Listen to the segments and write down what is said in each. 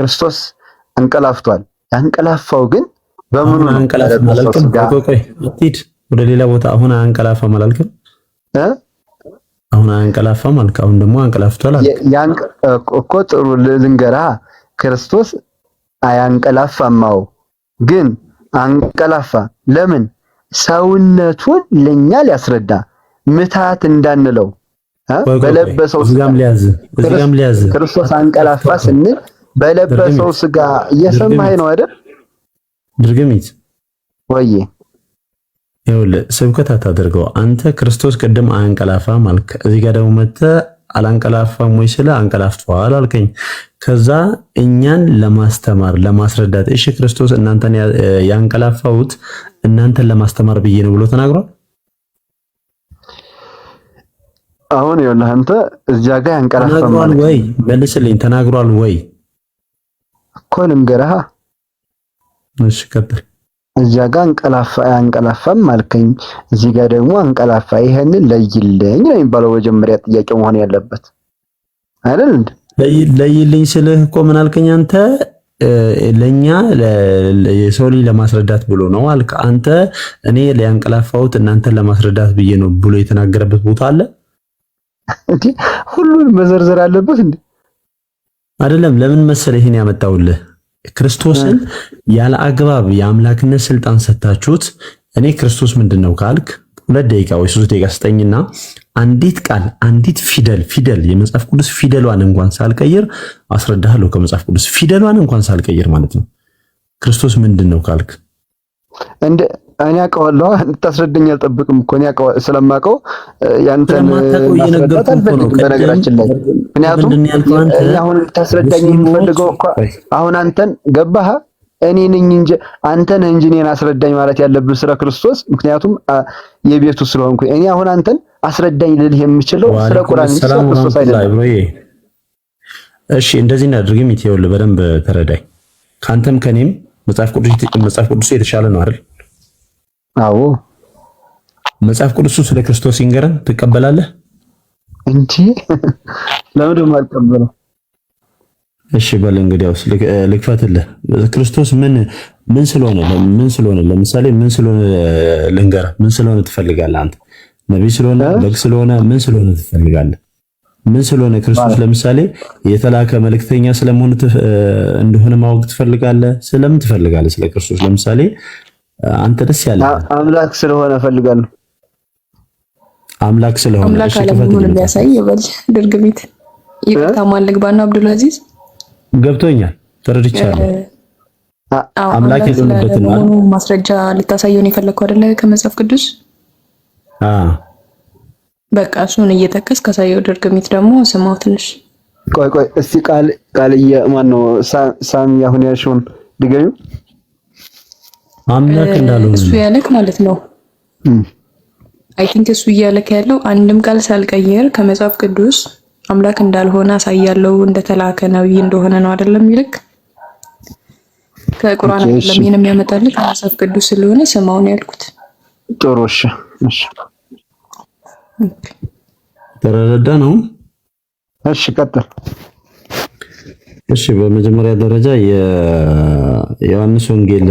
ክርስቶስ እንቀላፍቷል። ያንቀላፋው ግን በምኑ ወደ ሌላ ቦታ አሁን አንቀላፋም አላልክም? አሁን አንቀላፋም አልክ። አሁን ደግሞ አንቀላፍቷል አልክ እኮ። ጥሩ ልንገራ፣ ክርስቶስ አያንቀላፋማው ግን አንቀላፋ። ለምን? ሰውነቱን ለኛ ሊያስረዳ ምታት እንዳንለው በለበሰው ስጋም ሊያዝ ክርስቶስ አንቀላፋ ስንል በለበሰው ስጋ እየሰማኸኝ ነው አይደል? ድርግሚት ወይ ይኸውልህ ስብከት አታደርገው አንተ። ክርስቶስ ቅድም አያንቀላፋም አልክ። እዚህ ጋር ደግሞ መጥተህ አላንቀላፋም ወይ ስለ አንቀላፍቷል አልከኝ። ከዛ እኛን ለማስተማር ለማስረዳት፣ እሺ ክርስቶስ እናንተን ያንቀላፋውት እናንተን ለማስተማር ብዬ ነው ብሎ ተናግሯል። አሁን ይኸውልህ አንተ እዚያ ጋር ያንቀላፋም ወይ መልስልኝ፣ ተናግሯል ወይ ኮንም ገረሃ እሺ ቀጥል እዚያ ጋር አንቀላፋ አንቀላፋም አልከኝ እዚህ ጋር ደግሞ አንቀላፋ ይሄንን ለይልኝ ነው የሚባለው መጀመሪያ ጥያቄ መሆን ያለበት አይደል እንዴ ለይልኝ ስልህ እኮ ምን አልከኝ አንተ ለኛ የሰው ልጅ ለማስረዳት ብሎ ነው አልክ አንተ እኔ ሊያንቀላፋሁት እናንተን ለማስረዳት ብዬ ነው ብሎ የተናገረበት ቦታ አለ እንዴ ሁሉን መዘርዘር አለበት እንዴ አይደለም ለምን መሰለ ይሄን ያመጣውልህ ክርስቶስን ያለ አግባብ የአምላክነት ስልጣን ሰታችሁት። እኔ ክርስቶስ ምንድን ነው ካልክ ሁለት ደቂቃ ወይ ሶስት ደቂቃ ስጠኝና አንዲት ቃል አንዲት ፊደል ፊደል የመጽሐፍ ቅዱስ ፊደሏን እንኳን ሳልቀይር አስረዳሃለሁ። ከመጽሐፍ ቅዱስ ፊደሏን እንኳን ሳልቀይር ማለት ነው። ክርስቶስ ምንድን ነው ካልክ እኔ አውቀዋለሁ። ልታስረዳኝ አልጠብቅም እኮ እኔ አውቀዋለሁ፣ ስለማውቀው ያንተን አልፈልግም። በነገራችን ላይ ምክንያቱም አሁን ልታስረዳኝ የምፈልገው እኮ አሁን አንተን ገባህ? እኔ ነኝ እንጂ አንተን እንጂ እኔን አስረዳኝ ማለት ያለብን ስለ ክርስቶስ፣ ምክንያቱም የቤቱ ስለሆንኩ። እኔ አሁን አንተን አስረዳኝ ልልህ የምችለው ስለ ቁርአን ስለ ክርስቶስ አይደለም። እሺ እንደዚህ እናድርግም። ይኸውልህ በደንብ ተረዳኝ። ከአንተም ከኔም መጽሐፍ ቅዱስ የተሻለ ነው አይደል? አዎ መጽሐፍ ቅዱስ ስለ ክርስቶስ ይንገረን ትቀበላለህ እንጂ ለምን ማልቀበለው? እሺ በል እንግዲያው ልክፈትልህ። ክርስቶስ ምን ምን ስለሆነ ምን ስለሆነ ለምሳሌ ምን ስለሆነ ልንገርህ። ምን ስለሆነ ትፈልጋለህ አንተ? ነቢይ ስለሆነ በግ ስለሆነ ምን ስለሆነ ትፈልጋለህ? ምን ስለሆነ ክርስቶስ ለምሳሌ የተላከ መልእክተኛ ስለመሆኑ እንደሆነ ማወቅ ትፈልጋለህ? ስለምን ትፈልጋለህ? ስለ ክርስቶስ ለምሳሌ አንተ ደስ ያለ አምላክ ስለሆነ ፈልጋለሁ። አምላክ ስለሆነ አምላክ አለመሆኑን የሚያሳይ ይበል ድርግ ይቅርታ ማን ባና አብዱል ገብቶኛል፣ ተረድቻለሁ። አምላክ የሆነበት ነው ማስረጃ ልታሳየውን የፈለግከው አይደለ? ከመጽሐፍ ቅዱስ በቃ እሱን እየጠቀስ ከሳየው ድርግሚት ደግሞ ስማው ትንሽ ቆይ ቆይ እስቲ ቃል ቃል የማን ነው ሳሚ አሁን ያልሽውን ድገሚው አምላክ እንዳለው እሱ ያለክ ማለት ነው። አይ ቲንክ እሱ እያለክ ያለው አንድም ቃል ሳልቀየር ከመጽሐፍ ቅዱስ አምላክ እንዳልሆነ አሳያለው እንደተላከ ነብይ እንደሆነ ነው አይደለም ይልክ ከቁርአን አይደለም ይሄን የሚያመጣልህ ከመጽሐፍ ቅዱስ ስለሆነ ስማውን ያልኩት። ጥሩ እሺ፣ እሺ ተረዳ ነው። እሺ ቀጥል። እሺ በመጀመሪያ ደረጃ የዮሐንስ ወንጌል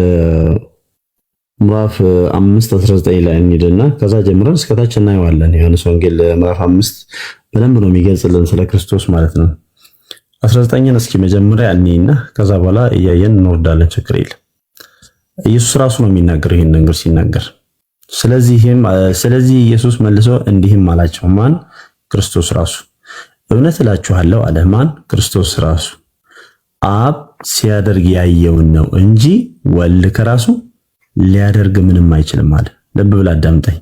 ምዕራፍ 5 19 ላይ እንሂድና ከዛ ጀምረን እስከታች እናየዋለን። ዮሐንስ ወንጌል ምዕራፍ 5 በደንብ ነው የሚገልጽልን ስለ ክርስቶስ ማለት ነው። 19ን እስኪ መጀመሪያ እንይና ከዛ በኋላ እያየን እንወርዳለን። ችግር የለም። ኢየሱስ ራሱ ነው የሚናገር ይህን ነገር ሲናገር፣ ስለዚህ ኢየሱስ መልሶ እንዲህም አላቸው። ማን? ክርስቶስ ራሱ። እውነት እላችኋለሁ አለ። ማን? ክርስቶስ ራሱ። አብ ሲያደርግ ያየውን ነው እንጂ ወልድ ከራሱ ሊያደርግ ምንም አይችልም አለ። ልብ ብላ አዳምጠኝ።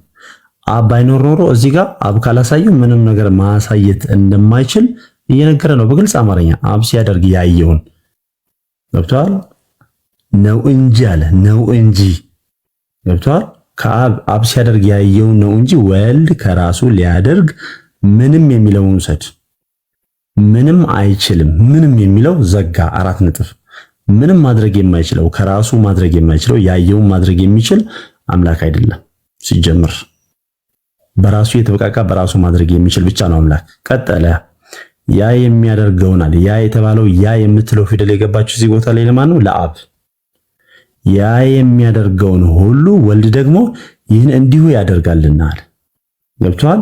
አብ ባይኖር ኖሮ እዚህ ጋር አብ ካላሳየው ምንም ነገር ማሳየት እንደማይችል እየነገረ ነው በግልጽ አማርኛ። አብ ሲያደርግ ያየውን ገብቷል ነው እንጂ አለ ነው እንጂ ገብቷል። ከአብ አብ ሲያደርግ ያየውን ነው እንጂ ወልድ ከራሱ ሊያደርግ ምንም የሚለውን ውሰድ፣ ምንም አይችልም። ምንም የሚለው ዘጋ አራት ነጥብ ምንም ማድረግ የማይችለው ከራሱ ማድረግ የማይችለው ያየውን ማድረግ የሚችል አምላክ አይደለም። ሲጀምር በራሱ የተበቃቃ በራሱ ማድረግ የሚችል ብቻ ነው አምላክ። ቀጠለ ያ የሚያደርገውን አለ። ያ የተባለው ያ የምትለው ፊደል የገባችው እዚህ ቦታ ላይ ለማን ነው? ለአብ። ያ የሚያደርገውን ሁሉ ወልድ ደግሞ ይህን እንዲሁ ያደርጋልና አለ። ገብቷል?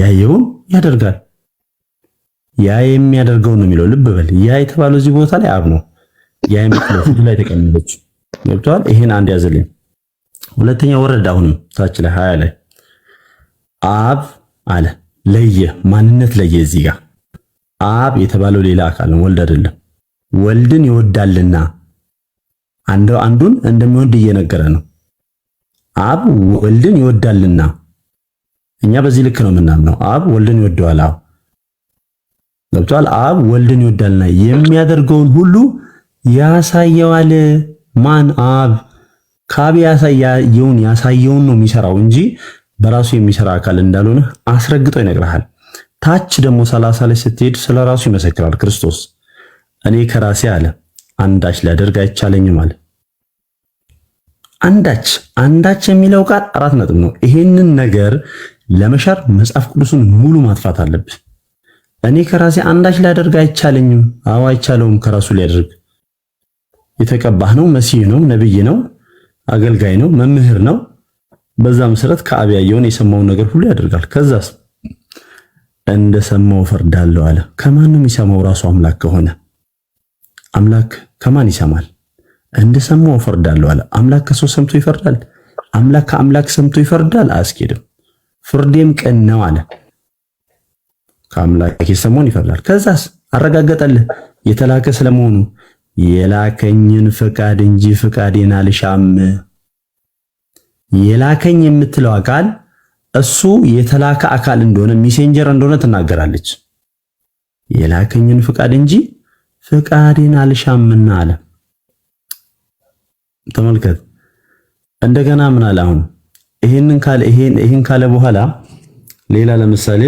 ያየውን ያደርጋል። ያ የሚያደርገውን ነው የሚለው። ልብ በል ያ የተባለው እዚህ ቦታ ላይ አብ ነው። የአይምት ላይ ተቀመጠች። ገብቷል። ይሄን አንድ ያዘልኝ ሁለተኛ ወረድ አሁንም ታች ላይ ሀያ ላይ አብ አለ ለየ ማንነት ለየ። እዚህ ጋር አብ የተባለው ሌላ አካል ነው፣ ወልድ አይደለም። ወልድን ይወዳልና አንዱን እንደሚወድ እየነገረ ነው። አብ ወልድን ይወዳልና እኛ በዚህ ልክ ነው የምናምነው። አብ ወልድን ይወደዋል። አብ ገብቷል። አብ ወልድን ይወዳልና የሚያደርገውን ሁሉ ያሳየዋል። ማን አብ ካብ ያሳየውን ያሳየውን ነው የሚሰራው እንጂ በራሱ የሚሰራ አካል እንዳልሆነ አስረግጦ ይነግርሃል። ታች ደግሞ ሰላሳ ላይ ስትሄድ ስለ ራሱ ይመሰክራል ክርስቶስ። እኔ ከራሴ አለ አንዳች ሊያደርግ አይቻለኝም አለ። አንዳች አንዳች የሚለው ቃል አራት ነጥብ ነው። ይሄንን ነገር ለመሻር መጽሐፍ ቅዱስን ሙሉ ማጥፋት አለብህ። እኔ ከራሴ አንዳች ሊያደርግ አይቻለኝም። አዎ አይቻለውም፣ ከራሱ ሊያደርግ የተቀባህ ነው፣ መሲህ ነው፣ ነብይ ነው፣ አገልጋይ ነው፣ መምህር ነው። በዛ መሰረት ከአብ ያየውን የሰማውን ነገር ሁሉ ያደርጋል። ከዛስ እንደ ሰማው ፈርዳለሁ አለ። ከማን ነው የሚሰማው? ራሱ አምላክ ከሆነ አምላክ ከማን ይሰማል? እንደ ሰማው ፈርዳለሁ አለ። አምላክ ከሰው ሰምቶ ይፈርዳል? አምላክ ከአምላክ ሰምቶ ይፈርዳል? አያስኬድም። ፍርዴም ቅን ነው አለ። ከአምላክ የሰማውን ይፈርዳል። ከዛስ አረጋገጠልህ የተላከ ስለመሆኑ የላከኝን ፍቃድ እንጂ ፍቃዴን አልሻም። የላከኝ የምትለው አካል እሱ የተላከ አካል እንደሆነ ሚሴንጀር እንደሆነ ትናገራለች። የላከኝን ፍቃድ እንጂ ፍቃዴን አልሻምና አለ። ተመልከት። እንደገና ምን አለ አሁን? ይሄንን ካለ ይሄን ይሄን ካለ በኋላ ሌላ ለምሳሌ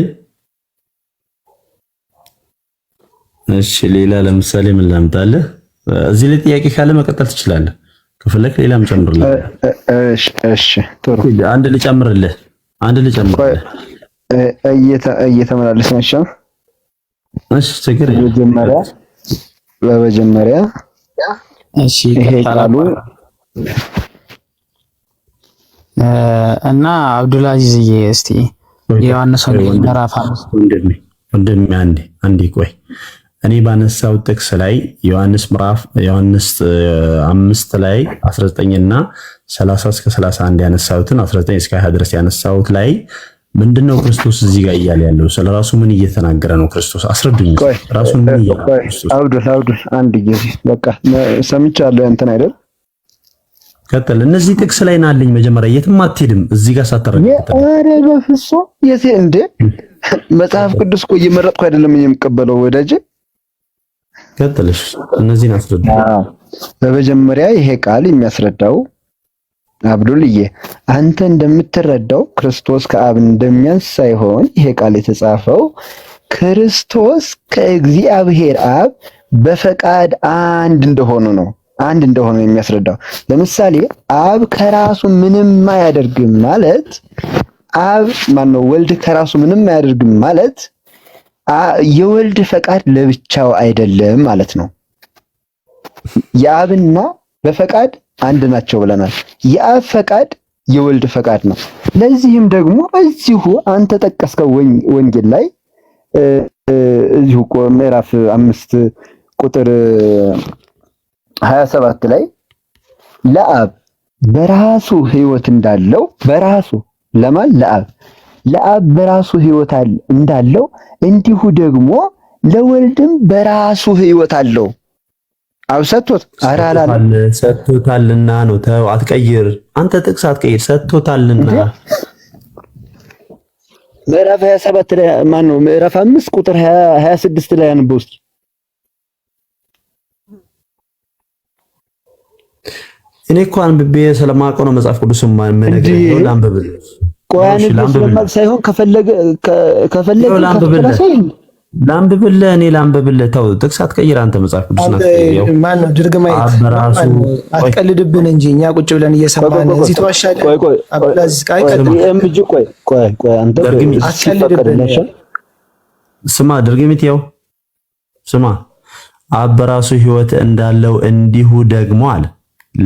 እሺ፣ ሌላ ለምሳሌ ምን ላምጣልህ? እዚህ ላይ ጥያቄ ካለ መቀጠል ትችላለህ። ከፈለክ ሌላም ጨምርልህ። እሺ እሺ፣ ጥሩ አንድ ልጨምርልህ፣ አንድ ልጨምርልህ። እየተመላለስን እሺ፣ እሺ፣ ችግር በመጀመሪያ እሺ፣ ይሄ ቃሉ እና አብዱልአዚዝዬ እስቲ የዮሐንስ ወንጌል ምዕራፍ ወንድሜ ወንድሜ አንዴ አንዴ ቆይ እኔ ባነሳው ጥቅስ ላይ ዮሐንስ ምዕራፍ ዮሐንስ አምስት ላይ 19 እና 30 እስከ 31 ያነሳሁትን 19 እስከ 20 ድረስ ያነሳሁት ላይ ምንድነው ክርስቶስ እዚህ ጋር እያለ ያለው? ስለ ራሱ ምን እየተናገረ ነው? ክርስቶስ አስረዱኝ። ራሱ ምን እያለ አብዱል አብዱል አንድ ጊዜ በቃ ሰምቻለሁ። እንትን አይደል ቀጥል። እነዚህ ጥቅስ ላይ ናልኝ መጀመሪያ የትም አትሄድም እዚህ ጋር ሳታረጋግጥ። አረ በፍጹም የዚህ እንዴ መጽሐፍ ቅዱስ እኮ እየመረጥኩ አይደለም የምቀበለው ወዳጄ ቀጥልሽ እነዚህን አስረዳ። በመጀመሪያ ይሄ ቃል የሚያስረዳው አብዱልዬ አንተ እንደምትረዳው ክርስቶስ ከአብ እንደሚያንስ ሳይሆን ይሄ ቃል የተጻፈው ክርስቶስ ከእግዚአብሔር አብ በፈቃድ አንድ እንደሆኑ ነው። አንድ እንደሆነ የሚያስረዳው ለምሳሌ አብ ከራሱ ምንም አያደርግም ማለት አብ ማነው ወልድ ከራሱ ምንም አያደርግም ማለት የወልድ ፈቃድ ለብቻው አይደለም ማለት ነው። የአብና በፈቃድ አንድ ናቸው ብለናል። የአብ ፈቃድ የወልድ ፈቃድ ነው። ለዚህም ደግሞ እዚሁ አንተ ጠቀስከው ወንጌል ላይ እዚሁ ምዕራፍ አምስት ቁጥር ሀያ ሰባት ላይ ለአብ በራሱ ህይወት እንዳለው በራሱ ለማን ለአብ ለአብ በራሱ ሕይወት እንዳለው እንዲሁ ደግሞ ለወልድም በራሱ ህይወት አለው። አብ ሰጥቶት አራላል ሰጥቶታልና ነው። ተው አትቀይር፣ አንተ ጥቅስ አትቀይር። ሰጥቶታልና ምዕራፍ 27 ላይ ማን ነው? ምዕራፍ 5 ቁጥር 26 ላይ አንብበው እስኪ። እኔ እኮ አንብቤ ስለማውቀው ነው መጽሐፍ ቅዱስ ማን ምን ነው ነው ሳይሆን ከፈለገ ከፈለገ እኔ ላንብብልህ። ተው ጥቅስ አትቀይር አንተ። መጽሐፍ ቅዱስ ማነው ድርግማይት አትቀልድብን እንጂ እኛ ቁጭ ብለን እየሰማን እዚህ ተዋሻለህ። ስማ፣ ድርግሚት ያው ስማ፣ አብ በራሱ ሕይወት እንዳለው እንዲሁ ደግሞ አለ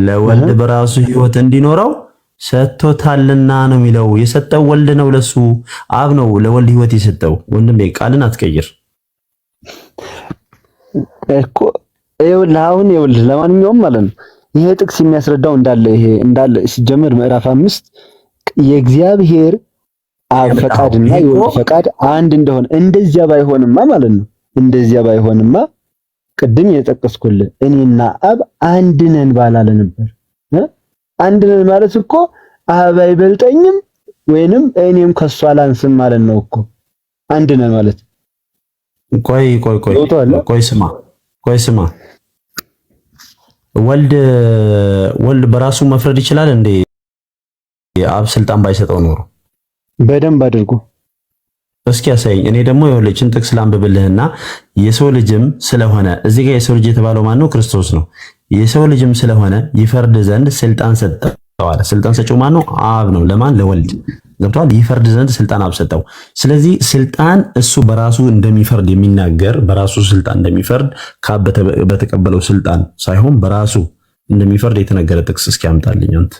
ለወልድ በራሱ ህይወት እንዲኖረው ሰጥቶታልና ነው የሚለው። የሰጠው ወልድ ነው፣ ለሱ አብ ነው ለወልድ ህይወት የሰጠው። ወንድሜ ቃልን አትቀይር እኮ ይኸውልህ፣ አሁን ይኸውልህ፣ ለማንኛውም ማለት ነው ይሄ ጥቅስ የሚያስረዳው እንዳለ ይሄ እንዳለ ሲጀምር ምዕራፍ አምስት የእግዚአብሔር አብ ፈቃድና የወልድ ፈቃድ አንድ እንደሆነ እንደዚያ ባይሆንማ ማለት ነው እንደዚያ ባይሆንማ ቅድም የጠቀስኩልህ እኔና አብ አንድ ነን ባላለ ነበር። አንድ ነን ማለት እኮ አበባ አይበልጠኝም ወይንም እኔም ከሷ አላንስም ማለት ነው እኮ አንድ ነን ማለት። ቆይ ቆይ ቆይ ቆይ ስማ ቆይ ስማ ወልድ ወልድ በራሱ መፍረድ ይችላል እንዴ? አብ ስልጣን ባይሰጠው ኖሮ በደንብ አድርጎ እስኪ ያሳይኝ። እኔ ደግሞ የሆለችን ጥቅስ ላንብብልህና የሰው ልጅም ስለሆነ እዚህ ጋር የሰው ልጅ የተባለው ማን ነው? ክርስቶስ ነው። የሰው ልጅም ስለሆነ ይፈርድ ዘንድ ስልጣን ሰጠዋል። ስልጣን ሰጪው ማን ነው? አብ ነው። ለማን? ለወልድ ገብቷል። ይፈርድ ዘንድ ስልጣን አብ ሰጠው። ስለዚህ ስልጣን እሱ በራሱ እንደሚፈርድ የሚናገር በራሱ ስልጣን እንደሚፈርድ ከአብ በተቀበለው ስልጣን ሳይሆን በራሱ እንደሚፈርድ የተነገረ ጥቅስ እስኪ ያምጣልኝ አንተ።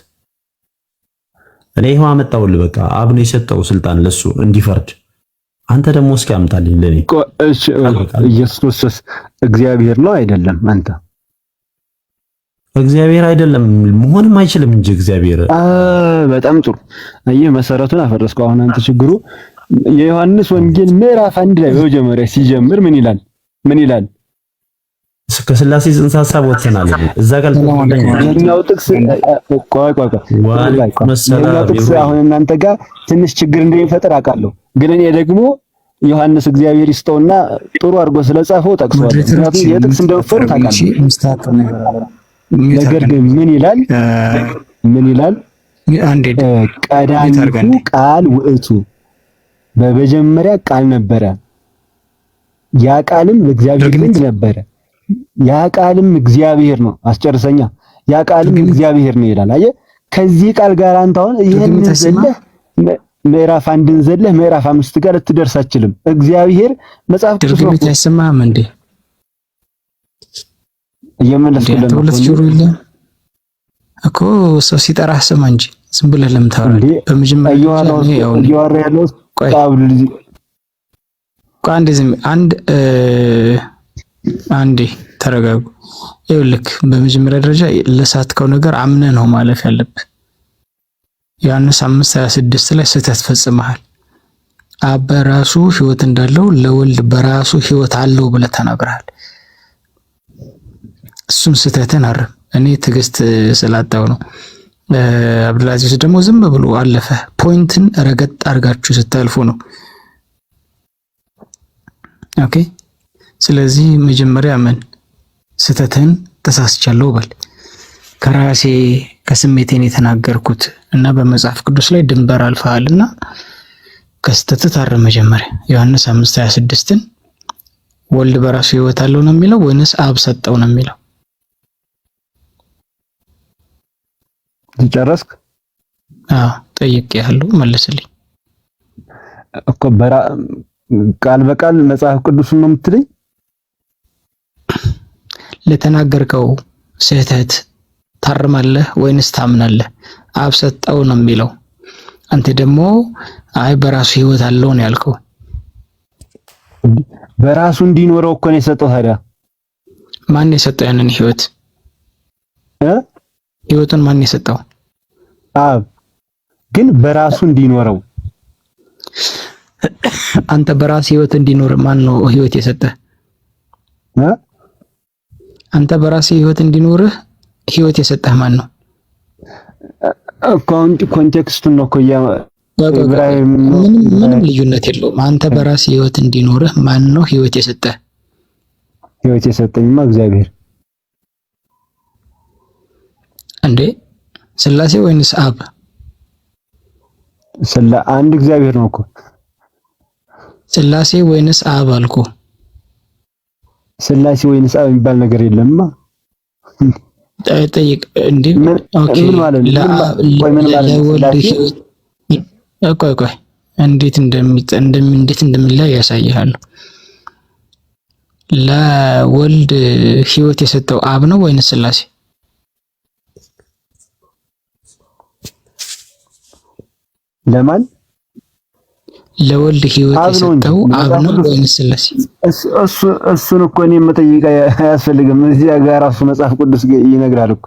እኔ ይኸው አመጣውልህ። በቃ አብ ነው የሰጠው ስልጣን ለሱ እንዲፈርድ አንተ ደግሞ እስኪ አምጣልኝ ለኔ። ኢየሱስ ክርስቶስ እግዚአብሔር ነው አይደለም? አንተ እግዚአብሔር አይደለም መሆንም አይችልም እንጂ እግዚአብሔር። በጣም ጥሩ። አየህ መሰረቱን አፈረስከው። አሁን አንተ ችግሩ የዮሐንስ ወንጌል ምዕራፍ አንድ ላይ በመጀመሪያ ሲጀምር ምን ይላል? ምን ይላል? ስላሴ ጽንሰ ሀሳብ ወጥተናል። እዛ ጋር የኛው ጥቅስ ቆይ ቆይ ጥቅስ አሁን እናንተ ጋር ትንሽ ችግር እንደሚፈጥር አውቃለሁ፣ ግን እኔ ደግሞ ዮሐንስ እግዚአብሔር ይስጠውና ጥሩ አድርጎ ስለጻፈው ጠቅሰዋለሁ። ምክንያቱም የጥቅስ እንደምፈሩ ታውቃለሁ። ነገር ግን ምን ይላል? ምን ይላል? ቀዳሚቱ ቃል ውዕቱ፣ በመጀመሪያ ቃል ነበረ፣ ያ ቃልም በእግዚአብሔር ዘንድ ነበረ ያ ቃልም እግዚአብሔር ነው። አስጨርሰኛ ያ ቃልም እግዚአብሔር ነው ይላል። አየህ ከዚህ ቃል ጋር አንተ አሁን ይሄን ዘለህ ምዕራፍ አንድን ዘለህ ምዕራፍ አምስት ጋር ልትደርስ አችልም። እግዚአብሔር መጽሐፍ ቅዱስ ነው። አይሰማህም እንዴ? እኮ ሰው ሲጠራህ ስማ እንጂ ዝም ብለህ በመጀመሪያ እያወራ ያለው አንድ አንዴ ተረጋጉ። ይኸውልህ በመጀመሪያ ደረጃ ለሳትከው ነገር አምነህ ነው ማለፍ ያለብህ። ዮሐንስ 5:26 ላይ ስህተት ፈጽመሃል። አብ በራሱ ህይወት እንዳለው ለወልድ በራሱ ህይወት አለው ብለህ ተናግረሃል። እሱም ስህተትን አርም። እኔ ትዕግስት ስላጣው ነው። አብዱላዚዝ ደግሞ ዝም ብሎ አለፈ። ፖይንትን ረገጥ አድርጋችሁ ስታልፉ ነው ኦኬ ስለዚህ መጀመሪያ ምን ስተትን ተሳስቻለሁ በል። ከራሴ ከስሜቴን የተናገርኩት እና በመጽሐፍ ቅዱስ ላይ ድንበር አልፈሃልና ከስህተትህ ታረም መጀመሪያ። ዮሐንስ ሀያ ስድስትን ወልድ በራሱ ህይወት አለው ነው የሚለው ወይንስ አብ ሰጠው ነው የሚለው? ጨረስክ? ጠይቅ ጠይቄሃለሁ፣ መልስልኝ እኮ ቃል በቃል መጽሐፍ ቅዱስን ነው የምትለኝ? ለተናገርከው ስህተት ታርማለህ ወይንስ ታምናለህ? አብ ሰጠው ነው የሚለው። አንተ ደግሞ አይ በራሱ ህይወት አለው ነው ያልከው። በራሱ እንዲኖረው እኮ ነው የሰጠው። ታዲያ ማን የሰጠው ያንን ህይወት? ህይወቱን ማን የሰጠው? አብ ግን በራሱ እንዲኖረው አንተ በራሱ ህይወት እንዲኖር ማን ነው ህይወት የሰጠ? አንተ በራስህ ህይወት እንዲኖርህ ህይወት የሰጠህ ማን ነው? ኮንቴክስቱን ነው እኮ ምንም ልዩነት የለውም። አንተ በራስህ ህይወት እንዲኖርህ ማን ነው ህይወት የሰጠህ? ህይወት የሰጠኝማ እግዚአብሔር እንዴ! ስላሴ ወይንስ አብ? ስላ አንድ እግዚአብሔር ነው እኮ። ስላሴ ወይንስ አብ አልኩ። ስላሴ ወይ ጻ የሚባል ነገር የለምማ። ጠይቅ እንዴ? ኦኬ ቆይ ቆይ፣ እንዴት እንደሚጠ እንዴት እንደሚለያይ ያሳይሃል። ለወልድ ሕይወት የሰጠው አብ ነው ወይንስ ስላሴ? ለማን ለወልድ ህይወት የሰጠው አብ ነው ወይስ ስላሴ? እሱን እኮ እኔ መጠየቅ አያስፈልግም። እዚያ ጋር ራሱ መጽሐፍ ቅዱስ ይነግራል እኮ